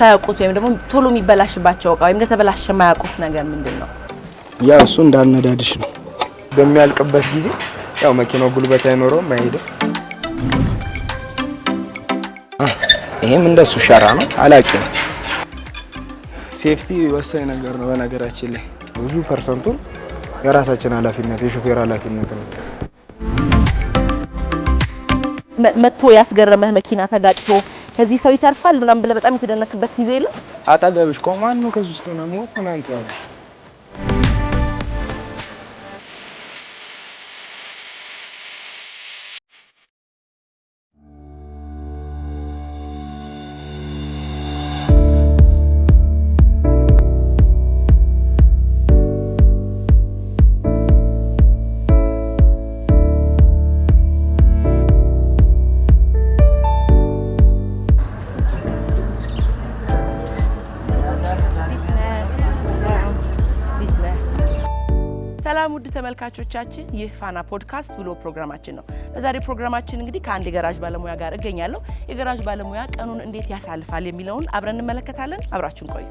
ሳያውቁት ወይም ደግሞ ቶሎ የሚበላሽባቸው እቃ ወይም እንደተበላሸ የማያውቁት ነገር ምንድን ነው? ያ እሱ እንዳነዳድሽ ነው። በሚያልቅበት ጊዜ ያው መኪናው ጉልበት አይኖረውም፣ አይሄድም። ይህም እንደሱ ሸራ ነው፣ አላቂ ነው። ሴፍቲ ወሳኝ ነገር ነው። በነገራችን ላይ ብዙ ፐርሰንቱን የራሳችን ኃላፊነት የሾፌር ኃላፊነት ነው። መጥቶ ያስገረመህ መኪና ተጋጭቶ ከዚህ ሰው ይተርፋል ምናምን ብለህ በጣም የተደነክበት ጊዜ የለም? አጠገብሽ ቆማ ነው ከዚህ ውስጥ ነው ሞት ተመልካቾቻችን ይህ ፋና ፖድካስት ብሎ ፕሮግራማችን ነው። በዛሬ ፕሮግራማችን እንግዲህ ከአንድ የገራዥ ባለሙያ ጋር እገኛለሁ። የገራዥ ባለሙያ ቀኑን እንዴት ያሳልፋል የሚለውን አብረን እንመለከታለን። አብራችን ቆዩ።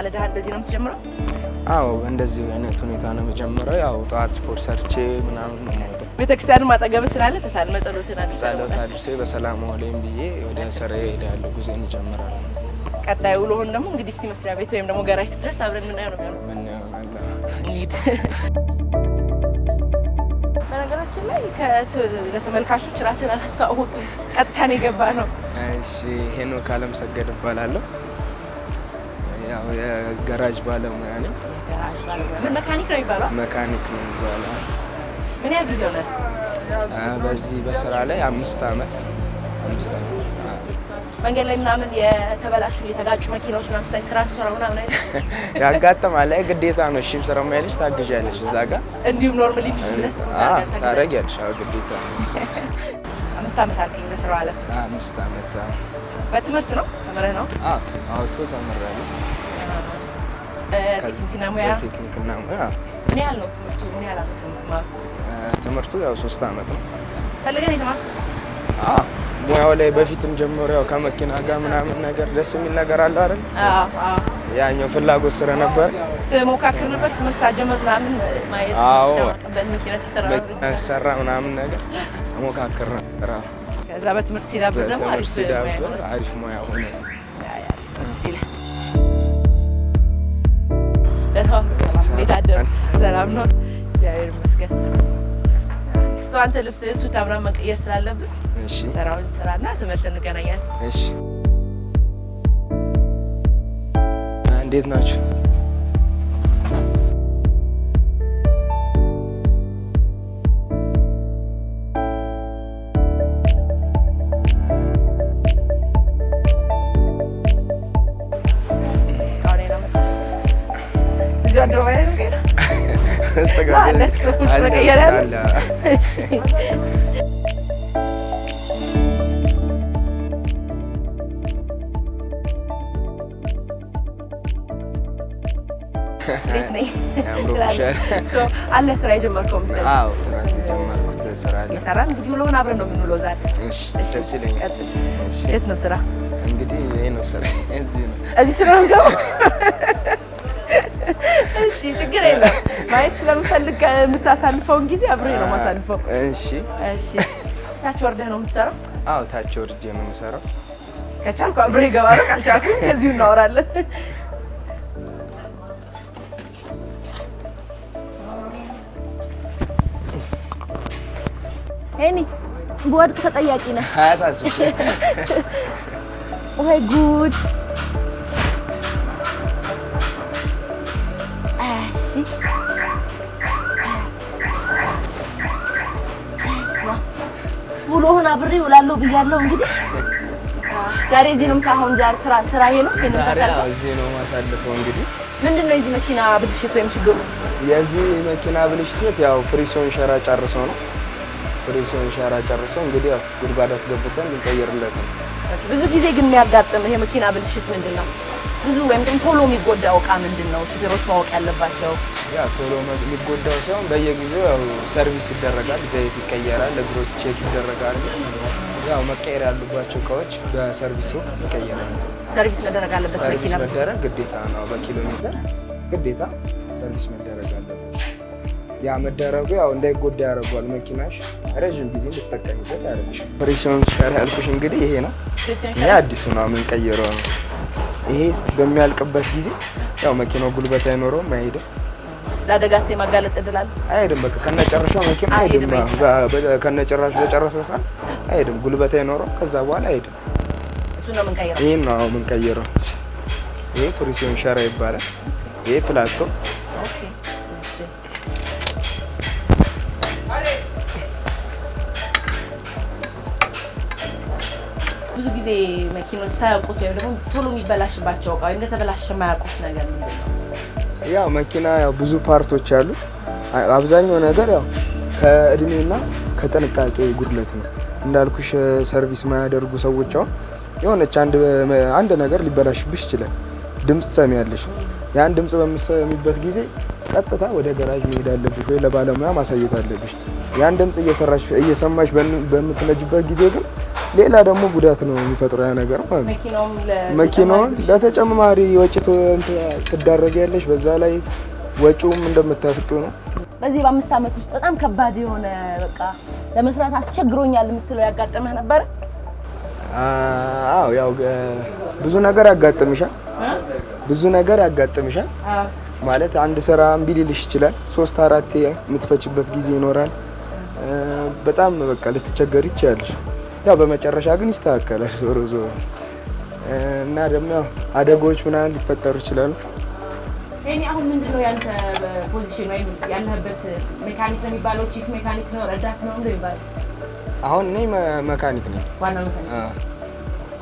ባለድሀ እንደዚህ ነው የምትጀምረው? አዎ እንደዚህ አይነት ሁኔታ ነው የምጀምረው። ያው ጠዋት ስፖርት ሰርቼ ምናምን ቤተክርስቲያን ማጠገብ ስላለ ተሳልመ ጸሎት ጸሎት አድርሴ በሰላም ዋሌም ብዬ ወደ ስራዬ ሄዳለሁ። ጉዞ እንጀምራለን። ቀጣይ ውሎህን ደግሞ እንግዲህ እስቲ መስሪያ ቤት ወይም ደግሞ ጋራጅ ስትደርስ አብረን የምናየው ነው በነገራችን ላይ ለተመልካቾች ራስን አላስተዋወቅም፣ ቀጥታን የገባ ነው። እሺ ሄኖክ እባላለሁ። የጋራጅ ባለሙያ ነኝ። መካኒክ ነው የሚባለው። መካኒክ ነው የሚባለው። ምን ያህል ጊዜ ሆነ? በዚህ በስራ ላይ አምስት አመት አምስት አመት መንገድ ላይ ምናምን የተበላሹ የተጋጩ መኪናዎች ምናምን ስታይ ስራ ስራ ምናምን ያጋጥማል። አይ ግዴታ ነው። እሺም ስራ ማይልሽ ታግዣለሽ እዛ ጋር እንዲሁም ኖርማሊ ቢዝነስ ታደርጊያለሽ። አዎ ግዴታ ነው። አምስት አመት አልከኝ በስራው አለ። አምስት አመት በትምህርት ነው ተምረህ ነው? አዎ አውቶ ተምሬያለሁ። ቴክኒክና ሙያ ቴክኒክና ሙያ ምን ያህል ነው ትምህርቱ? ምን ያህል አመት ነው ትምህርቱ ያው ሶስት አመት ነው። ፈልገን ሙያው ላይ በፊትም ጀምሮ ያው ከመኪና ጋር ምናምን ነገር ደስ የሚል ነገር አለ አይደል? ያኛው ፍላጎት ስለነበረ ትሞካክር ነበር። ትምህርት ሳጀምር ምናምን ማየት መኪና ሲሰራ ምናምን ነገር ሞካክር ነበር። ከዛ በትምህርት ሲዳብር ደግሞ አሪፍ ሙያ ሆነ። ነው። እንዴት አደሩ? ሰላም ነው፣ እግዚአብሔር ይመስገን። አንተ ልብስህን ቱታ ምናምን መቀየር ስላለብን ሰራውን ስራና ተመልሰን እንገናኛለን። እንዴት ናችሁ? አለ ስራ የጀመርከው መሰለኝ? አዎ ትናንት የጀመርኩት ስራ አለ። የሰራን እንግዲህ ውሎውን አብረን ነው የምንውለው ዛሬ። ደስ ይለኛል። የት ነው ስራ? እንግዲህ ይሄ ነው ስራ። እዚህ ነው እዚህ ስራ ነው። እሺ ችግር የለም። ማየት ስለምፈልግ የምታሳልፈውን ጊዜ አብሬ ነው የማሳልፈው። እሺ፣ እሺ። ታች ወርደህ ነው የምትሰራው? አዎ፣ ታች ወርጄ ነው የምሰራው። ከቻልኩ አብሬ እገባለሁ፣ ካልቻልኩም ከዚሁ እናወራለን። እኔ በወድቅ ተጠያቂ ነህ። ወይ ጉድ! እሺ አብሬ እውላለሁ ብያለሁ። እንግዲህ ዛሬ እዚህ ነው የምታሆን። ዛሬ ስራ ስራ ይሄ ነው እዚህ ነው ማሳልፈው። እንግዲህ ምንድነው የዚህ መኪና ብልሽት ወይም ችግሩ? የዚህ መኪና ብልሽት ያው ፍሪሶን ሸራ ጨርሶ ነው። ፍሪሶን ሸራ ጨርሶ እንግዲህ ያው ጉድጓድ አስገብተን እንቀይርለት። ብዙ ጊዜ ግን የሚያጋጥም ይሄ መኪና ብልሽት ምንድነው? ብዙ ወይም ደግሞ ቶሎ የሚጎዳው እቃ ምንድን ነው ሹፌሮች ማወቅ ያለባቸው? ያ ቶሎ የሚጎዳው ሳይሆን በየጊዜው ያው ሰርቪስ ይደረጋል፣ ዘይት ይቀየራል፣ እግሮች ቼክ ይደረጋል። ያው መቀየር ያሉባቸው እቃዎች በሰርቪስ ወቅት ይቀየራል። ሰርቪስ መደረግ አለበት። መኪና መደረግ ግዴታ ነው። በኪሎ ሜትር ግዴታ ሰርቪስ መደረግ አለበት። ያ መደረጉ ያው እንዳይጎዳ ያደርጓል። መኪናሽ ረዥም ጊዜ እንድትጠቀሚበት ያደርግሻል። ፕሬሲዮን ሸር ያልኩሽ እንግዲህ ይሄ ነው። ይሄ አዲሱ ነው የምንቀይረው ነው ይሄ በሚያልቅበት ጊዜ ያው መኪናው ጉልበት አይኖረውም፣ አይሄድም። ለአደጋ የማጋለጥ እድል አለ አይሄድም። በቃ ከነጨረሻው መኪና አይሄድም። ከነጨራሽ በጨረሰ ሰዓት አይሄድም፣ ጉልበት አይኖረውም። ከዛ በኋላ አይሄድም። እሱ ነው የምንቀይረው። ይሄን ነው የምንቀይረው። ይሄ ፍሪሲዮን ሸራ ይባላል። ይሄ ፕላቶ ብዙ ጊዜ መኪኖች ሳያውቁት ወይም ደግሞ ቶሎ የሚበላሽባቸው እቃ ወይም እንደተበላሸ የማያውቁት ነገር ምንድን ነው? ያው መኪና ያው ብዙ ፓርቶች ያሉት አብዛኛው ነገር ያው ከእድሜና ከጥንቃቄ ጉድለት ነው። እንዳልኩሽ ሰርቪስ የማያደርጉ ሰዎች አሁን የሆነች አንድ ነገር ሊበላሽብሽ ይችላል። ድምፅ ሰሚያለሽ። ያን ድምፅ በምሰሚበት ጊዜ ቀጥታ ወደ ገራዥ መሄድ አለብሽ ወይ ለባለሙያ ማሳየት አለብሽ። ያን ድምፅ እየሰማሽ በምትነጅበት ጊዜ ግን ሌላ ደግሞ ጉዳት ነው የሚፈጥረው ያ ነገር ማለት ነው። መኪናውን ለተጨማሪ ወጪ ትዳረጊያለሽ። በዛ ላይ ወጪውም እንደምታስቂው ነው። በዚህ በአምስት ዓመት ውስጥ በጣም ከባድ የሆነ በቃ ለመስራት አስቸግሮኛል የምትለው ያጋጠመህ ነበር? አዎ ያው ብዙ ነገር ያጋጥምሻል። ብዙ ነገር ያጋጥምሻል ማለት አንድ ስራ እምቢ ሊልሽ ይችላል። ሶስት አራቴ የምትፈችበት ጊዜ ይኖራል። በጣም በቃ ልትቸገሪ ትችያለሽ። ያው በመጨረሻ ግን ይስተካከላል ዞሮ ዞሮ እና ደግሞ ያው አደጋዎች ምናምን ሊፈጠሩ ይችላሉ። እኔ አሁን ምንድን ነው ያንተ ፖዚሽን ወይም ያለህበት ሜካኒክ ነው የሚባለው? ቺፍ ሜካኒክ ነው ረዳት ነው እንደው ይባላል። አሁን እኔ መካኒክ ነኝ፣ ዋና መካኒክ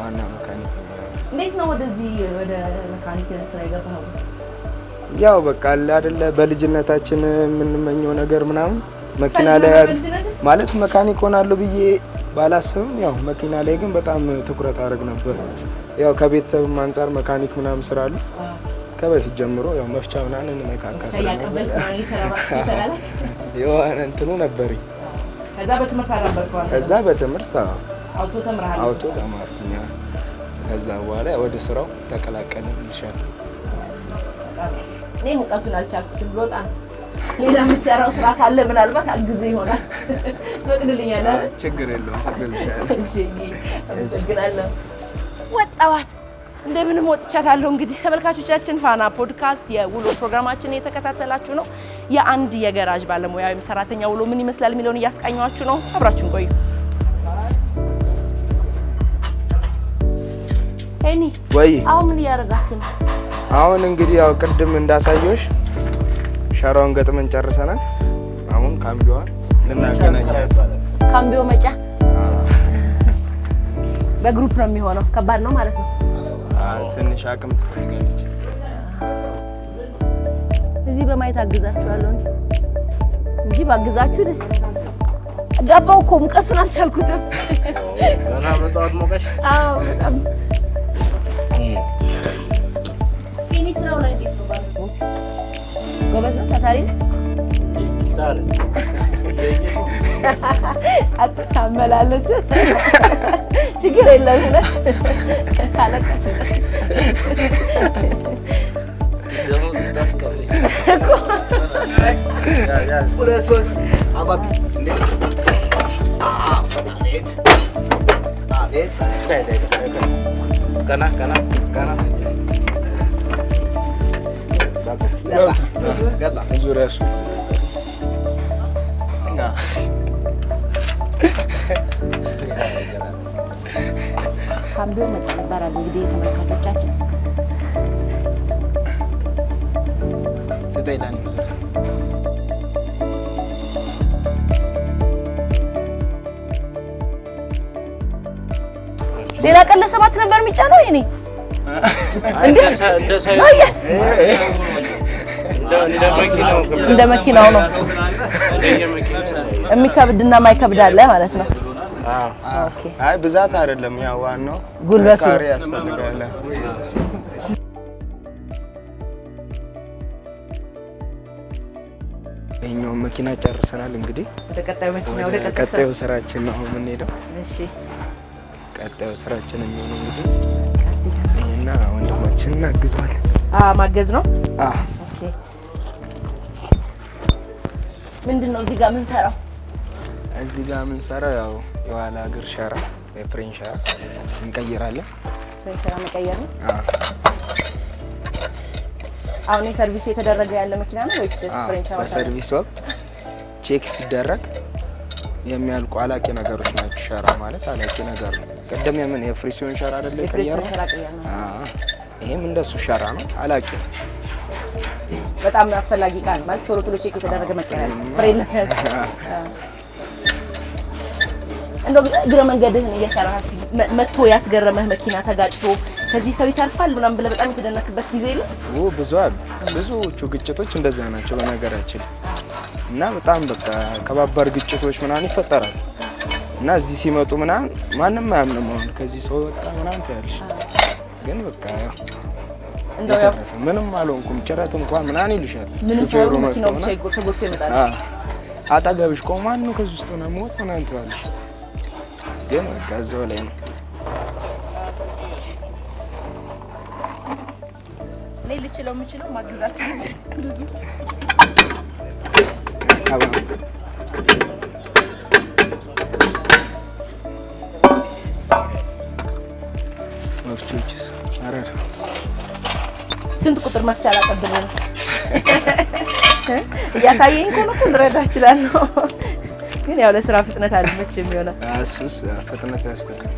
ዋና መካኒክ። እንዴት ነው ወደዚህ ወደ መካኒክ ስራ የገባኸው? ያው በቃ አለ አይደለ በልጅነታችን የምንመኘው ነገር ምናምን መኪና ላይ ማለት መካኒክ ሆናለሁ ብዬ ባላስብም ያው መኪና ላይ ግን በጣም ትኩረት አድርግ ነበር። ያው ከቤተሰብ አንጻር መካኒክ ምናምን ስራሉ ከበፊት ጀምሮ ያው መፍቻ ምናምን እንነካካ ስለነበር የሆነ እንትኑ ነበረኝ። ከዛ በትምህርት አውቶ ተማርኩኝ። ከዛ በኋላ ወደ ስራው ተቀላቀልን ይሻል። እኔ ሙቀቱን አልቻልኩትም ብሎጣ ሌላ የምትሰራው ስራ ካለ ምናልባት አግዜ ይሆናል። ትፈቅድልኛለህ ችግር የለውም አመሰግናለሁ። ወጣዋት እንደምንም ወጥቻታለሁ። እንግዲህ ተመልካቾቻችን ፋና ፖድካስት የውሎ ፕሮግራማችን እየተከታተላችሁ ነው። የአንድ የገራዥ ባለሙያ ወይም ሰራተኛ ውሎ ምን ይመስላል የሚለውን እያስቃኘኋችሁ ነው። አብራችሁን ቆዩ። ሄኒ ወይ፣ አሁን ምን እያደረጋችሁ ነው? አሁን እንግዲህ ያው ቅድም እንዳሳየሽ ሻራውን ገጥመን ጨርሰናል። አሁን ካምቢዋን ልናገናኛለን። ካምቢዮ መጫ በግሩፕ ነው የሚሆነው። ከባድ ነው ማለት ነው። ትንሽ አቅም ትፈልጋለች። እዚህ በማየት አግዛችኋለሁ እንጂ ባግዛችሁ ደስ ገባው እኮ ሙቀቱን አልቻልኩትም። በጣም ጎበዝ ነው፣ ታታሪ ነው። አመላለስ ችግር የለም። ቀና ቀና ቀና Gada. Uzurasz. No. Kaambiwa umebarabara bidii kama kato chache. Sitai ndani mzuri. ሌላ ቀን ለሰባት ነበር Oh ይኔ iya. eh. እንደ መኪናው ነው የሚከብድና ማይከብድ አለ ማለት ነው። አይ ብዛት አይደለም፣ ያ ዋናው ጉልበት ያስፈልጋል። ይኸኛው መኪና ጨርሰናል። እንግዲህ ቀጣዩ ስራችን ነው የምንሄደው። ቀጣዩ ስራችን የሚሆነው እንግዲህ እና ወንድማችን እናግዘዋለን። ማገዝ ነው። ኦኬ ምንድን ነው እዚህ ጋር ምን እዚህ ጋር ምን ያው የኋላ እግር ሸራ የፍሬን ሸራ እንቀይራለን። ፍሬን ሸራ መቀየር ነው። አሁን የሰርቪስ የተደረገ ያለ መኪና ነው ወይስ ፍሬን ሸራ? በሰርቪስ ወቅት ቼክ ሲደረግ የሚያልቁ አላቂ ነገሮች ናቸው። ሸራ ማለት አላቂ ነገር ነው። ቅድም የምን የፍሪሲዮን ሸራ አይደለ? ይሄም እንደሱ ሸራ ነው፣ አላቂ ነው። በጣም አስፈላጊ ቃል ማለት ቶሎ ቶሎ ቼክ የተደረገ መቀሪያ ፍሬ ነከዝ እንደው እግረ መንገድህን እየሰራ መጥቶ ያስገረመህ መኪና ተጋጭቶ ከዚህ ሰው ይተርፋል ምናምን ብለህ በጣም የተደነክበት ጊዜ የለም? ብዙ አሉ። ብዙዎቹ ግጭቶች እንደዚያ ናቸው በነገራችን እና በጣም በቃ ከባባድ ግጭቶች ምናምን ይፈጠራል እና እዚህ ሲመጡ ምናምን ማንም አያምንም። አሁን ከዚህ ሰው ወጣ ምናምን ትያለሽ፣ ግን በቃ ምንም አልሆንኩም። ጭረት እንኳን ምናምን ይልሻል። ምንም ሳይሆን መኪናው ብቻ ተጎድቶ ይመጣል። አጠገብሽ ቆማ ማነው ከዚህ ውስጥ ሆነ ሞት ምናምን ትላለሽ። ግን በቃ እዛው ላይ ነው። እኔ ልችለው የምችለው ማግዛት ብዙ ቁጥር መፍቻ አላቀብልም። እያሳየኝ ከሆነ እኮ ልረዳ እችላለሁ፣ ግን ያው ለስራ ፍጥነት አልመችም ይሆናል። እሱስ ፍጥነት ያስፈልጋል።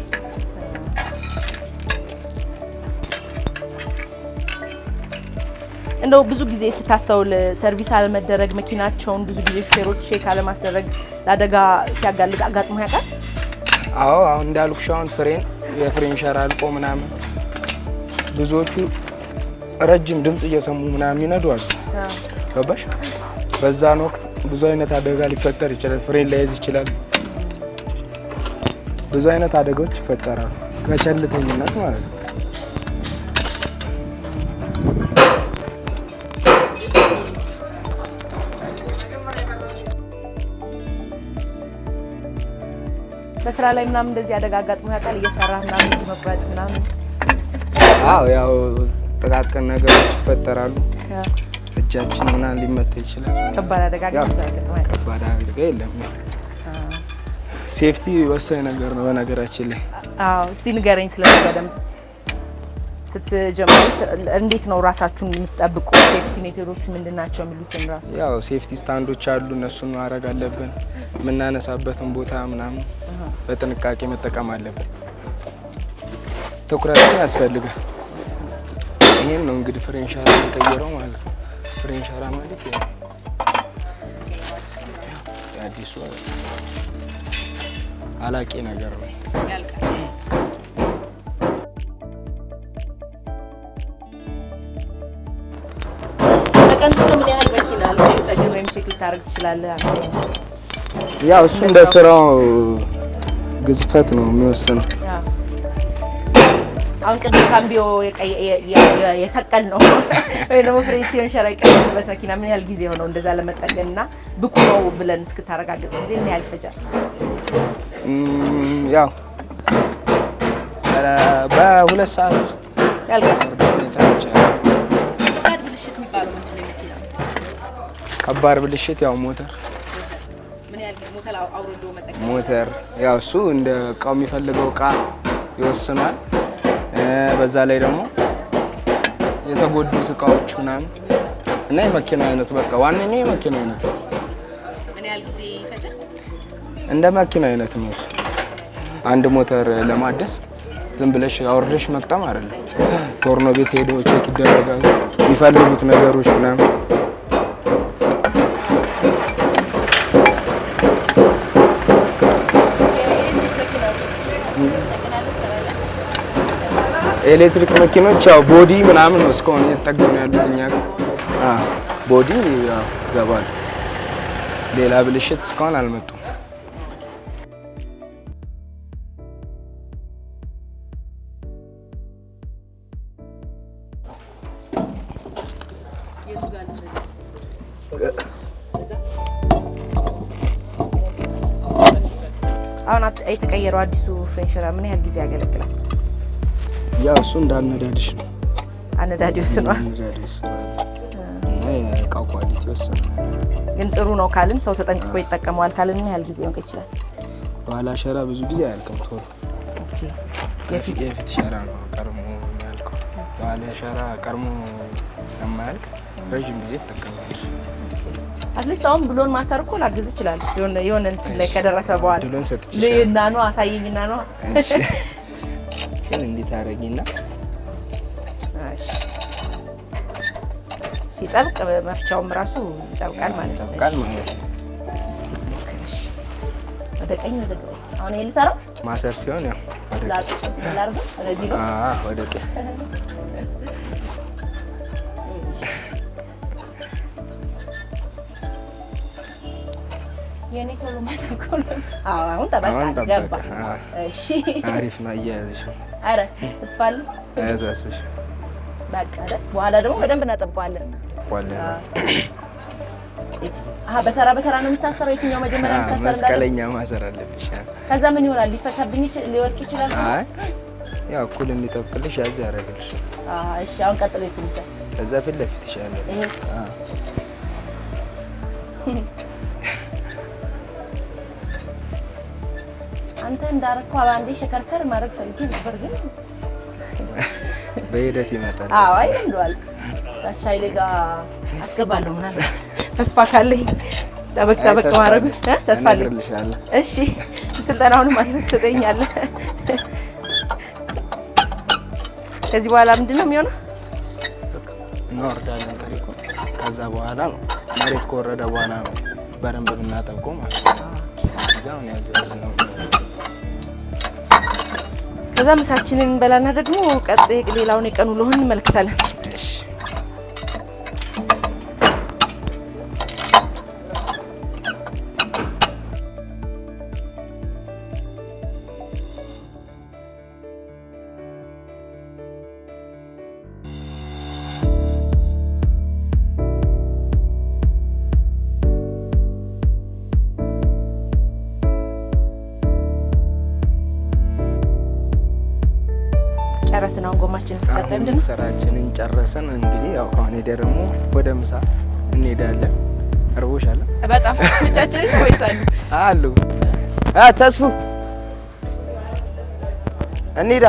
እንደው ብዙ ጊዜ ስታስተውል ሰርቪስ አለመደረግ መኪናቸውን ብዙ ጊዜ ሹፌሮች ቼክ አለማስደረግ ለአደጋ ሲያጋልጥ አጋጥሞ ያውቃል? አዎ አሁን እንዳልኩሽ አሁን ፍሬን የፍሬን ሸራ አልቆ ምናምን ብዙዎቹ ረጅም ድምፅ እየሰሙ ምናምን ይነዱ አሉ። ገባሽ? በዛን ወቅት ብዙ አይነት አደጋ ሊፈጠር ይችላል። ፍሬን ላይዝ ይችላል። ብዙ አይነት አደጋዎች ይፈጠራሉ ከቸልተኝነት ማለት ነው። በስራ ላይ ምናምን እንደዚህ አደጋ አጋጥሞ ያውቃል? እየሰራ ምናምን መቁረጥ ምናምን? አዎ ያው ጥቃቅን ነገሮች ይፈጠራሉ። እጃችን ምናምን ሊመታ ይችላል። ከባድ አደጋ ከባድ አደጋ የለም። ሴፍቲ ወሳኝ ነገር ነው በነገራችን ላይ። አዎ፣ እስቲ ንገረኝ ስለሱ በደንብ ስትጀምሩ እንዴት ነው ራሳችሁን የምትጠብቁ? ሴፍቲ ሜቶዶቹ ምንድን ናቸው የሚሉትን ራሱ ያው ሴፍቲ ስታንዶች አሉ፣ እነሱን ማድረግ አለብን። የምናነሳበትን ቦታ ምናምን በጥንቃቄ መጠቀም አለብን። ትኩረትም ያስፈልጋል። እንግዲህ ፍሬንሻራ ሻራ ማለት ነው። ፍሬንሻራ ሻራ ማለት አዲሱ አላቂ ነገር ነው። ያው እሱ እንደ ስራው ግዝፈት ነው የሚወሰነው። አሁን ቅድም ካምቢዮ የሰቀል ነው ወይ ደግሞ ፍሬሽ ሲሆን ሸረቀ በት መኪና ምን ያህል ጊዜ ሆነው እንደዛ ለመጠገን እና ብቁ ነው ብለን እስክታረጋግጥ ጊዜ ምን ያህል ፈጃል? ያው በሁለት ሰዓት ውስጥ ከባድ ብልሽት ያው ሞተር ሞተር ያው እሱ እንደ እቃው የሚፈልገው እቃ ይወስናል። በዛ ላይ ደግሞ የተጎዱት እቃዎች ምናምን እና የመኪና አይነት በቃ ዋነኛው የመኪና አይነት ነው። እንደ መኪና አይነት ነው። አንድ ሞተር ለማደስ ዝም ብለሽ አውርደሽ መቅጠም አይደለም። ቶርኖ ቤት ሄዶ ቼክ ይደረጋል የሚፈልጉት ነገሮች ምናምን ኤሌክትሪክ መኪኖች ያው ቦዲ ምናምን ነው እስካሁን እየተጠገሙ ያሉት እኛ ቦዲ ገባል። ሌላ ብልሽት እስካሁን አልመጡም። አሁን የተቀየረው አዲሱ ፍሬንሽራ ምን ያህል ጊዜ ያገለግላል? ያ እሱ እንደ አነዳድሽ ነው። አነዳድ ይወስነዋል። ኳሊቲ ግን ጥሩ ነው ካልን ሰው ተጠንቅቆ ይጠቀመዋል ካልን ያህል ጊዜ ሊወጣ ይችላል? ብዙ ጊዜ አያልቅም። ቶሎ የፊት ሸራ ነው ቀድሞ የሚያልቀው። ቀድሞ ስለማያልቅ ረዥም ጊዜ አትሊስት አሁን ብሎን ማሰር እኮ ላግዝ ይችላል። የሆነ እንትን ላይ ከደረሰ በኋላ ነው አሳየኝና ነው ቀን እንዲታረጊና ሲጠብቅ መፍቻውም ራሱ ይጠብቃል ማለት ነው። ወደ ቀኝ ወደ ግራ አሁን ይሄ ልሰራው ማሰር ሲሆን ያው ወደ ቀኝ የኔ ቶሎ ማሰኮሎ አሁን ጠበቃ ገባ። እሺ አሪፍ ነው። ኧረ ተስፋ አለን። በቃ በኋላ ደግሞ በደንብ እናጠባዋለን። በተራ በተራ ነው የምታሰረው። የትኛው መጀመሪያ የምታሰረው? መስቀለኛ ማሰር አለብሽ። ከዛ ምን ይሆናል? ሊፈታብኝ ሊወድቅ ይችላል። ያው እኩል እንዲጠብቅልሽ ያዝ ያደርግልሽ። እሺ፣ አሁን ቀጥሎ የትንሰ ከዛ ፊት ለፊት ይሻላል። አንተ እንዳልኩ አንዴ ሽከርከር ማድረግ ፈልጌ ነበር፣ ግን በሂደት ይመጣል። አዎ አይንዷል ጋሽ ኃይሌ ጋር አስገባለሁ። ምናልባት ተስፋ ካለኝ ጠበቅ ጠበቅ ማድረጉ ተስፋ አለኝ። እሺ ስልጠናውንም አንተ ትሰጠኛለህ። ከዚህ በኋላ ምንድን ነው የሚሆነው? እንወርዳለን ከዛ በኋላ መሬት ከወረደ በኋላ ነው በደንብ የምናጠብቀው ማለት ነው። ከዛ ምሳችንን እንበላና ደግሞ ቀጥ ሌላውን የቀኑ ለሆን እንመለከታለን። ቁርሳችንን ጨረሰን እንግዲህ ያው አሁን ሄደ ደግሞ ወደ ምሳ እንሄዳለን። እርቦሻል በጣም ብቻችን ይወይሳሉ አሉ ተስፉ እንሂዳ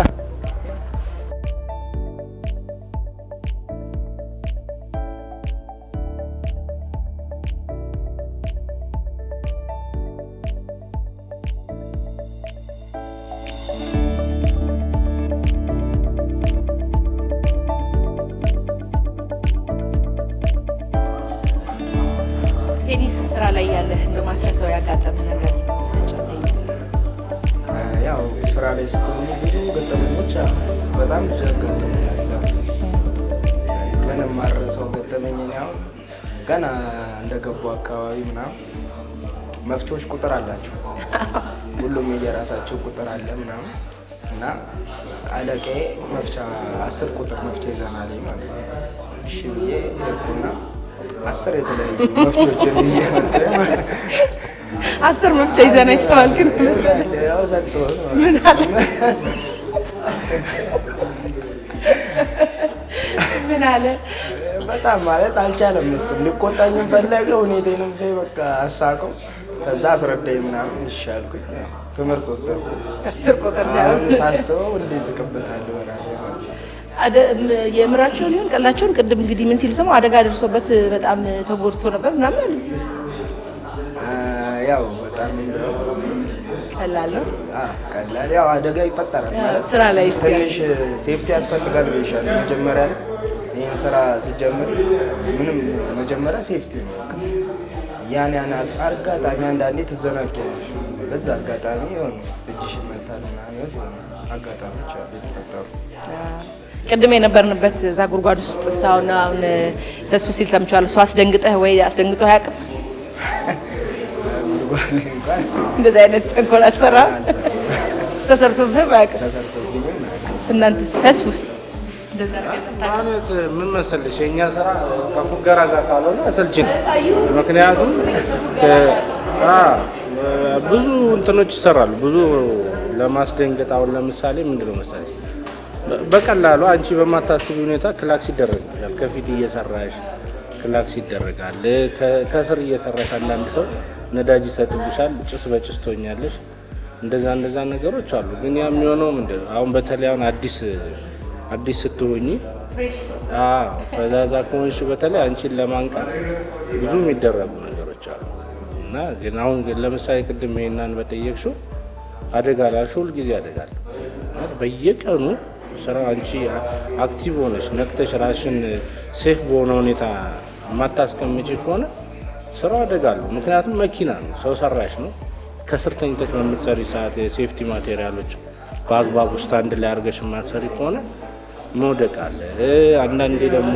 ገቡ አካባቢ ምናምን መፍትሄዎች ቁጥር አላቸው። ሁሉም የየራሳቸው ቁጥር አለ ምናምን እና አለቃዬ መፍቻ አስር ቁጥር መፍቻ ይዘናል ማለት ነው። እሺ ብዬ ሄድኩና አስር የተለያዩ መፍቻዎች አስር መፍቻ ይዘና የተባልክ ምን አለ በጣም ማለት አልቻለም። እሱም ሊቆጣኝም ፈለገ። ሁኔቴንም ሳይ በቃ አሳቀው። ከዛ አስረዳኝ ምናምን እሺ ትምህርት ወሰድኩ። አስር ቁጥር ሳስበው እንደ ስቅበታለሁ ራሴ የምራቸውን ይሁን ቀላቸውን ቅድም እንግዲህ ምን ሲሉ ሰማሁ፣ አደጋ ደርሶበት በጣም ተጎድቶ ነበር ምናምን። ያው በጣም ቀላል ነው። ቀላል ያው አደጋ ይፈጠራል ስራ ላይ ትንሽ ሴፍቲ ያስፈልጋል ብሻል መጀመሪያ ላይ ይህን ስራ ስጀምር ምንም መጀመሪያ ሴፍቲ ነው። ያን ያን አጋጣሚ አንዳንዴ ትዘናጊያለሽ። በዛ አጋጣሚ ሆነ እጅሽ መታል ናት አጋጣሚዎች አሉ የተፈጠሩ። ቅድም የነበርንበት እዛ ጉድጓድ ውስጥ ሳሁን አሁን ተስፉ ሲል ሰምቼዋለሁ። ሰው አስደንግጠህ ወይ አስደንግጦ አያውቅም? እንደዚህ አይነት ተንኮል አልሰራም፣ ተሰርቶብህም አያውቅም? እናንተስ ተስፉስ ማለት ምን መሰለሽ የእኛ ስራ ከፉገራ ጋር ካልሆነ አሰልች ነው። ምክንያቱም ብዙ እንትኖች ይሰራሉ። ብዙ ለማስደንገጥ አሁን ለምሳሌ ምንድነው መሰለሽ በቀላሉ አንቺ በማታስቢ ሁኔታ ክላክስ ይደረጋል። ከፊት እየሰራሽ ክላክስ ይደረጋል። ከስር እየሰራሽ አንዳንድ ሰው ነዳጅ ይሰጥብሻል። ጭስ በጭስ ትሆኛለሽ። እንደዛ እንደዛ ነገሮች አሉ። ግን ያ የሚሆነው ምንድነው አሁን በተለይ አሁን አዲስ አዲስ ስትሆኚ ፈዛዛ ከሆንሽ በተለይ አንቺን ለማንቃት ብዙ የሚደረጉ ነገሮች አሉ እና ግን አሁን ግን ለምሳሌ ቅድም ይሄናን በጠየቅሽው አደጋ ላልሽ ሁልጊዜ አደጋል በየቀኑ ስራ አንቺ አክቲቭ ሆነች ነቅተሽ ራሽን ሴፍ በሆነ ሁኔታ የማታስቀምጪ ከሆነ ስራው አደጋ አለው። ምክንያቱም መኪና ነው፣ ሰው ሰራሽ ነው። ከስር ተኝተሽ በምትሰሪ ሰዓት የሴፍቲ ማቴሪያሎች በአግባብ ውስጥ አንድ ላይ አድርገሽ የማትሰሪ ከሆነ መውደቅ አለ። አንዳንዴ ደግሞ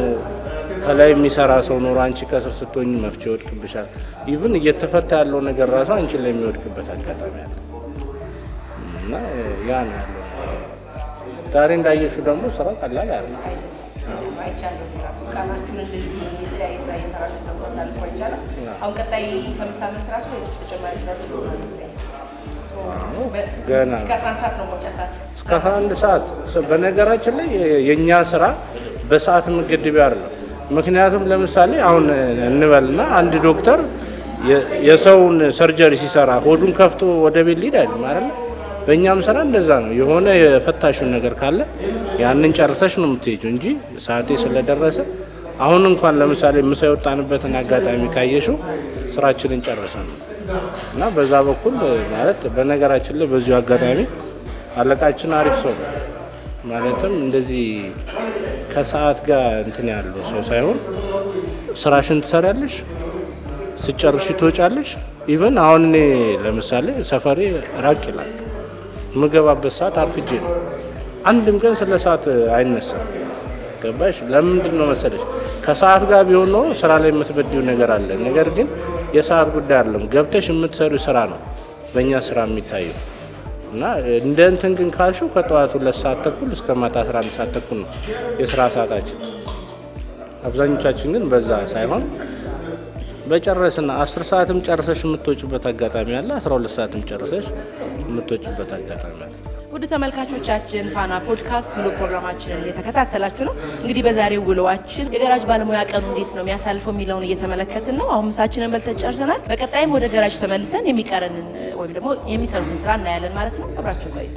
ከላይ የሚሰራ ሰው ኖሮ አንቺ ከስር ስትሆኝ መፍቻ ይወድቅብሻል። ኢቭን እየተፈታ ያለው ነገር ራሱ አንቺ ላይ የሚወድቅበት አጋጣሚ አለ እና ያ ነው ያለው። ዛሬ እንዳየሹ ደግሞ ስራ ቀላል አለ። አሁን ቀጣይ ከምሳምን ስራ ተጨማሪ ስራ ገና እስከ አንድ ሰዓት። በነገራችን ላይ የእኛ ስራ በሰዓት ምግድብ አይደለም። ምክንያቱም ለምሳሌ አሁን እንበልና አንድ ዶክተር የሰውን ሰርጀሪ ሲሰራ ሆዱን ከፍቶ ወደ ቤት ሊሄድ አይደለም አይደል? በእኛም ስራ እንደዛ ነው። የሆነ የፈታሹን ነገር ካለ ያንን ጨርሰሽ ነው የምትሄጂው እንጂ ሰዓቴ ስለደረሰ አሁን እንኳን ለምሳሌ ምሳ የወጣንበትን አጋጣሚ ካየሹ ስራችንን ጨርሰን እና በዛ በኩል ማለት በነገራችን ላይ በዚሁ አጋጣሚ አለቃችን አሪፍ ሰው ማለትም እንደዚህ ከሰዓት ጋር እንትን ያለው ሰው ሳይሆን ስራሽን ትሰሪያለሽ፣ ስጨርሽ ትወጫለሽ። ኢቨን አሁን እኔ ለምሳሌ ሰፈሬ ራቅ ይላል። ምገባበት ሰዓት አርፍጄ ነው። አንድም ቀን ስለ ሰዓት አይነሳም። ገባሽ? ለምንድን ነው መሰለሽ ከሰዓት ጋር ቢሆን ኖሮ ስራ ላይ የምትበድው ነገር አለ። ነገር ግን የሰዓት ጉዳይ አይደለም፣ ገብተሽ የምትሰሩ ስራ ነው በእኛ ስራ የሚታየው እና እንደ እንትን ግን ካልሽው ከጠዋቱ ሁለት ሰዓት ተኩል እስከ ማታ 11 ሰዓት ተኩል ነው የስራ ሰዓታችን። አብዛኞቻችን ግን በዛ ሳይሆን በጨረስና አስር ሰዓትም ጨርሰሽ የምትወጭበት አጋጣሚ አለ። 12 ሰዓትም ጨርሰሽ የምትወጭበት አጋጣሚ አለ። ውድ ተመልካቾቻችን ፋና ፖድካስት ውሎ ፕሮግራማችንን እየተከታተላችሁ ነው። እንግዲህ በዛሬው ውሎዋችን የገራጅ ባለሙያ ቀኑ እንዴት ነው የሚያሳልፈው የሚለውን እየተመለከትን ነው። አሁን ምሳችንን በልተን ጨርሰናል። በቀጣይም ወደ ገራጅ ተመልሰን የሚቀረንን ወይም ደግሞ የሚሰሩትን ስራ እናያለን ማለት ነው። አብራችሁ ቆዩ።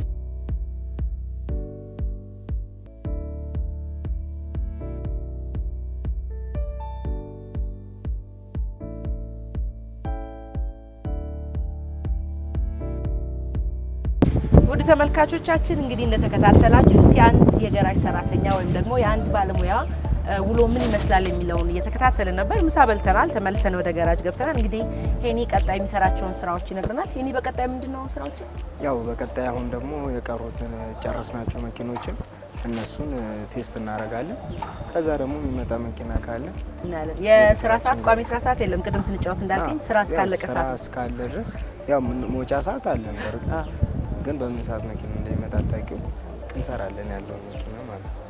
ተመልካቾቻችን እንግዲህ እንደተከታተላችሁት የአንድ የገራጅ ሰራተኛ ወይም ደግሞ የአንድ ባለሙያ ውሎ ምን ይመስላል የሚለውን እየተከታተልን ነበር። ምሳ በልተናል፣ ተመልሰን ወደ ገራጅ ገብተናል። እንግዲህ ሄኒ ቀጣይ የሚሰራቸውን ስራዎች ይነግረናል። ሄኒ በቀጣይ ምንድን ነው ስራዎችን? ያው በቀጣይ አሁን ደግሞ የቀሩትን ጨረስናቸው መኪኖችን እነሱን ቴስት እናደርጋለን። ከዛ ደግሞ የሚመጣ መኪና ካለ የስራ ሰዓት ቋሚ ስራ ሰዓት የለም። ቅድም ስንጫወት እንዳልኝ ስራ እስካለቀ ሰዓት እስካለ ድረስ ያው መውጫ ሰዓት አለን በርግጥ ግን በምን ሰዓት መኪና እንደሚመጣ አታውቂው እንሰራለን ያለውን መኪና ማለት ነው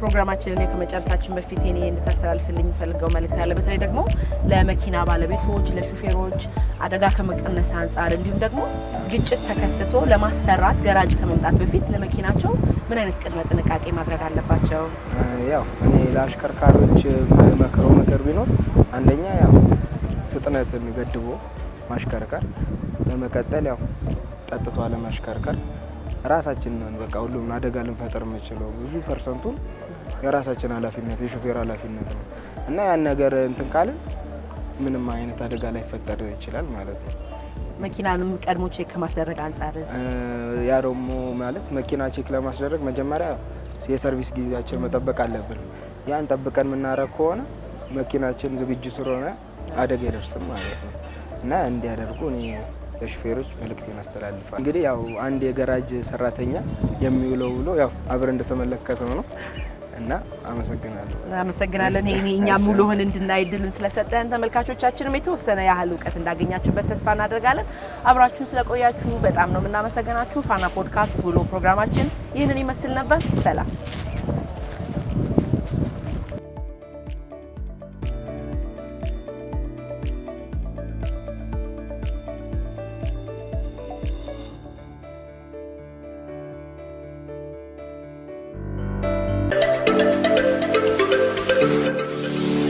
ፕሮግራማችንን ከመጨረሳችን በፊት ኔ እንድታስተላልፍልኝ ፈልገው መልእክት ያለ በተለይ ደግሞ ለመኪና ባለቤቶች፣ ለሹፌሮች አደጋ ከመቀነስ አንጻር እንዲሁም ደግሞ ግጭት ተከስቶ ለማሰራት ገራጅ ከመምጣት በፊት ለመኪናቸው ምን አይነት ቅድመ ጥንቃቄ ማድረግ አለባቸው? ያው እኔ ለአሽከርካሪዎች መክረው ምክር ቢኖር አንደኛ ያው ፍጥነትን ገድቦ ማሽከርከር፣ በመቀጠል ያው ጠጥቶ አለማሽከርከር ነን በቃ ሁሉም አደጋ ልንፈጥር የምችለው ብዙ ፐርሰንቱን የራሳችን ኃላፊነት የሹፌር ኃላፊነት ነው እና ያን ነገር እንትን ካልን ምንም አይነት አደጋ ላይ ይችላል ማለት ነው። መኪናንም ቀድሞ ቼክ ከማስደረግ አንጻር ያ ደግሞ ማለት መኪና ቼክ ለማስደረግ መጀመሪያ የሰርቪስ ጊዜያችን መጠበቅ አለብን። ያን ጠብቀን የምናረግ ከሆነ መኪናችን ዝግጁ ስለሆነ አደጋ አይደርስም ማለት ነው እና እንዲያደርጉ እኔ ለሹፌሮች መልክት አስተላልፋል። እንግዲህ ያው አንድ የገራጅ ሰራተኛ የሚውለው ውሎ ያው አብረን እንደተመለከተው ነው። እና አመሰግናለሁ። አመሰግናለን ሄሚ፣ እኛ ሙሉህን እንድናይ እድሉን ስለሰጠህን፣ ተመልካቾቻችንም የተወሰነ ያህል እውቀት እንዳገኛችሁበት ተስፋ እናደርጋለን። አብራችሁን ስለቆያችሁ በጣም ነው የምናመሰግናችሁ። ፋና ፖድካስት ውሎ ፕሮግራማችን ይህንን ይመስል ነበር። ሰላም